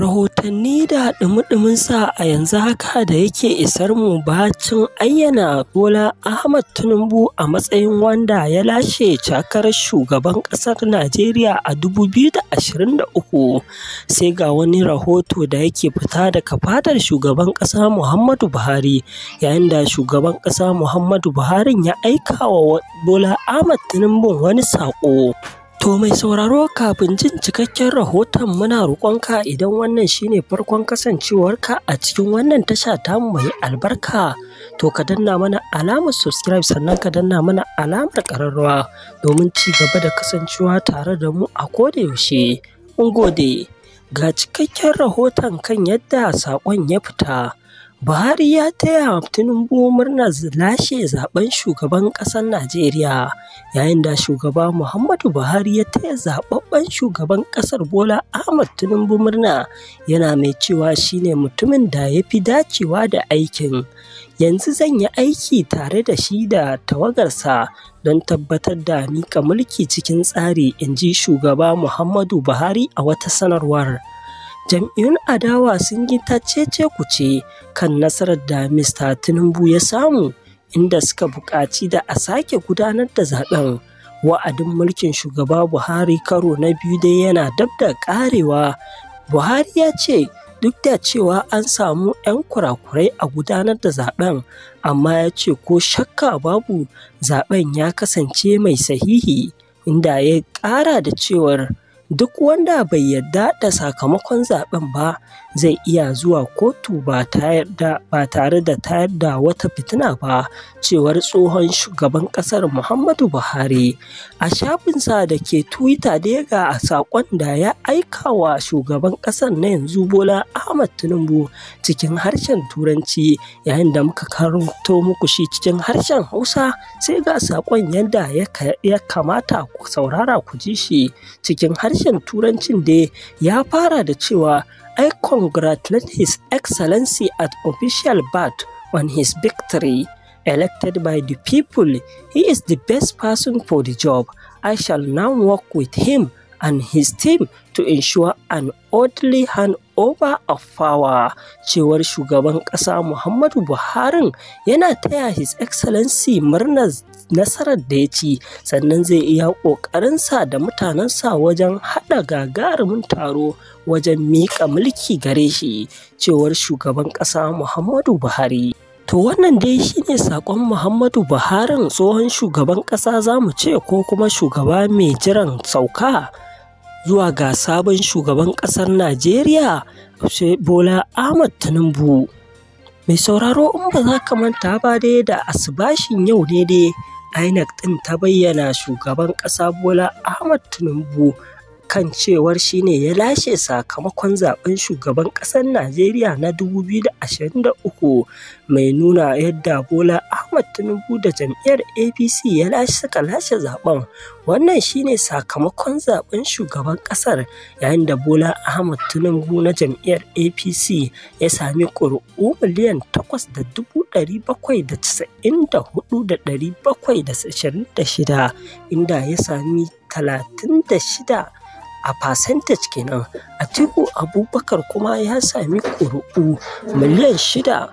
rahotanni da ɗumi sa a yanzu haka da yake isar mu bacin ayyana bola ahmad tinubu a matsayin wanda ya lashe cakarar shugaban ƙasar najeriya a 2023 sai ga wani rahoto da yake fita daga fadar shugaban ƙasa muhammadu buhari yayin da shugaban ƙasa muhammadu buhari ya aika wa bola ahmad tinubu wani saƙo To mai sauraro kafin jin cikakken rahoton muna roƙonka idan wannan shine farkon kasancewarka a cikin wannan tasha tamu mai albarka to ka danna mana alamar subscribe sannan ka danna mana alamar ƙararrawa domin ci gaba da kasancewa tare da mu a yaushe. Mun gode. Ga cikakken rahoton kan yadda saƙon ya fita. Buhari ya taya Tinubu murnar lashe zaben shugaban ƙasar Najeriya yayin da shugaba Muhammadu Buhari ya taya zaɓaɓɓen shugaban ƙasar Bola Ahmad Tinubu murna yana mai cewa shine mutumin da ya fi dacewa da aikin. Yanzu zan yi aiki tare da shi da tawagarsa don tabbatar da mika mulki cikin tsari, in ji shugaba Muhammadu Buhari a wata sanarwar. jam'iyyun adawa sun yi ta cece-kuce kan nasarar da Mr. Tinubu ya samu inda suka buƙaci da a sake gudanar da zaben. Wa'adin mulkin shugaba Buhari karo na biyu dai yana dab da ƙarewa. Buhari ya ce duk da cewa an samu 'yan kurakurai a gudanar da zaben, amma ya ce ko shakka babu zaben ya kasance mai sahihi, inda ya ƙara da cewar duk wanda bai yarda da sakamakon zaben ba zai iya zuwa kotu ba tare da tayar da wata fitina ba cewar tsohon shugaban kasar muhammadu buhari a shafinsa da ke twitter da ga a sakon da ya aika wa shugaban kasar na yanzu bola ahmad tinubu cikin harshen turanci yayin da muka karanto muku shi cikin harshen hausa sai ga sakon yadda ya kamata ku saurara ku ji shi cikin harshen harshen Turancin da ya fara da cewa I congratulate His Excellency at official birth on his victory. Elected by the people, he is the best person for the job. I shall now work with him and his team to ensure an orderly handover of power. Cewar shugaban kasa Muhammadu Buhari yana taya His Excellency murnar nasarar da ya ci sannan zai iya ƙoƙarinsa da mutanensa wajen haɗa gagarumin taro wajen miƙa mulki gare shi cewar shugaban ƙasa muhammadu buhari To wannan dai shine Saƙon Muhammadu Buhari tsohon shugaban ƙasa za mu ce ko kuma shugaba mai jiran sauka zuwa ga sabon shugaban ƙasar Najeriya Bola Ahmad Tinubu. Mai sauraro in ba za ka manta ba dai da asibashin yau ne dai INEC ɗin ta bayyana Shugaban ƙasa Bola Ahmed Tinubu kan cewar shi ne ya lashe sakamakon zaɓen shugaban ƙasar Najeriya na 2023 mai nuna yadda Bola Ahmed Tinubu da jam'iyyar APC ya lashe suka lashe zaɓen. Wannan shi ne sakamakon zaɓen shugaban ƙasar yayin da Bola Ahmed Tinubu na jam'iyyar APC ya sami ƙuri'u miliyan 8,794,726 inda ya sami 36 a percentage kenan atiku abubakar kuma ya sami ƙuri'u miliyan shida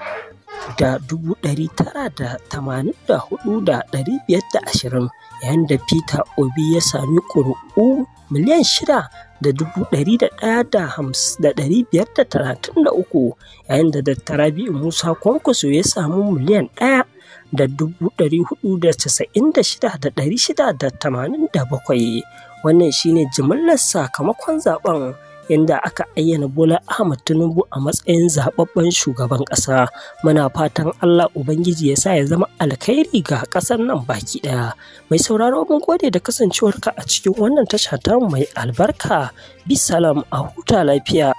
da dubu ɗari tara da tamanin da hudu da ɗari biyar da ashirin yayin da peter obi ya sami ƙuri'u miliyan shida da dubu ɗari da ɗaya da hams da ɗari biyar da talatin da uku yayin da dattara biyu musa kwankwaso ya samu miliyan ɗaya da dubu ɗari hudu da casa'in da shida da ɗari shida da tamanin da bakwai wannan shine jimillar sakamakon zaben yadda aka ayyana Bola Ahmad Tinubu a matsayin zababben shugaban ƙasa. Muna fatan Allah Ubangiji ya sa ya zama alkhairi ga ƙasar nan baki ɗaya. Mai sauraro mun gode da kasancewarka a cikin wannan tasha ta mai albarka. Bisalam a huta lafiya.